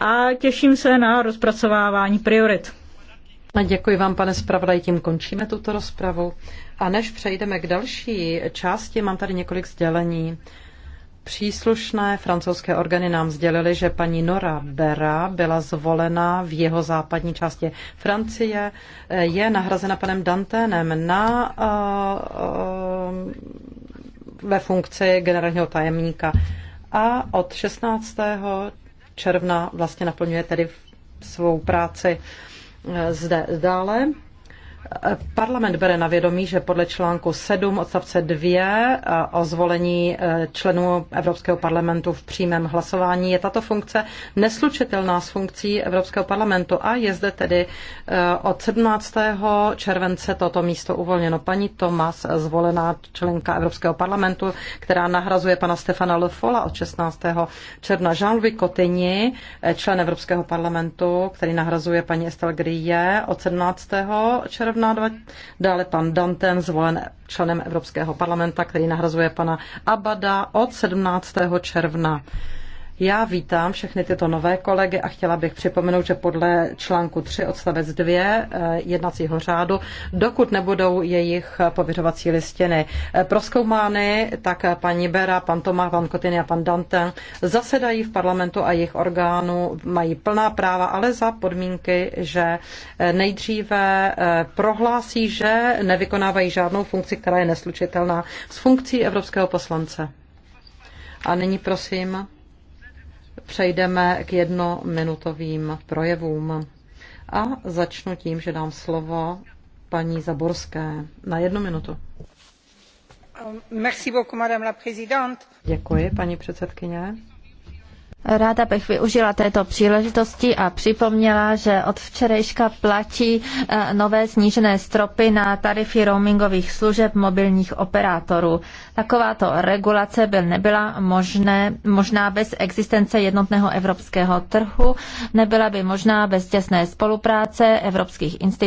a těším se na rozpracovávání priorit. Děkuji vám, pane zpravodaj, tím končíme tuto rozpravu. A než přejdeme k další části, mám tady několik sdělení. Příslušné francouzské orgány nám sdělily, že paní Nora Bera byla zvolena v jeho západní části Francie. Je nahrazena panem Danténem na, uh, uh, ve funkci generálního tajemníka. A od 16 června vlastně naplňuje tedy svou práci eh, zde dále. Parlament bere na vědomí, že podle článku 7 odstavce 2 eh, o zvolení eh, členů Evropského parlamentu v přímém hlasování je tato funkce neslučitelná s funkcí Evropského parlamentu a je zde tedy eh, od 17. července toto místo uvolněno. Paní Tomas, zvolená členka Evropského parlamentu, která nahrazuje pana Stefana Lefola od 16. června. Jean-Louis Cotigny, člen Evropského parlamentu, který nahrazuje paní Estelle Grille od 17. června června. Dále pan Danten, zvolen členem Evropského parlamenta, který nahrazuje pana Abada od 17. června. Já vítám všechny tyto nové kolegy a chtěla bych připomenout, že podle článku 3 odstavec 2 eh, jednacího řádu, dokud nebudou jejich pověřovací listiny proskoumány, tak paní Bera, pan Tomá, pan Kotiny a pan Dante zasedají v parlamentu a jejich orgánů mají plná práva, ale za podmínky, že eh, nejdříve eh, prohlásí, že nevykonávají žádnou funkci, která je neslučitelná s funkcí evropského poslance. A nyní prosím přejdeme k jednominutovým projevům. A začnu tím, že dám slovo paní Zaborské na jednu minutu. Merci beaucoup, madame la présidente. Děkuji, paní předsedkyně. Ráda bych využila této příležitosti a připomněla, že od včerejška platí eh, nové snížené stropy na tarify roamingových služeb mobilních operátorů. Takováto regulace by nebyla možné, možná bez existence jednotného evropského trhu, nebyla by možná bez těsné spolupráce evropských institucí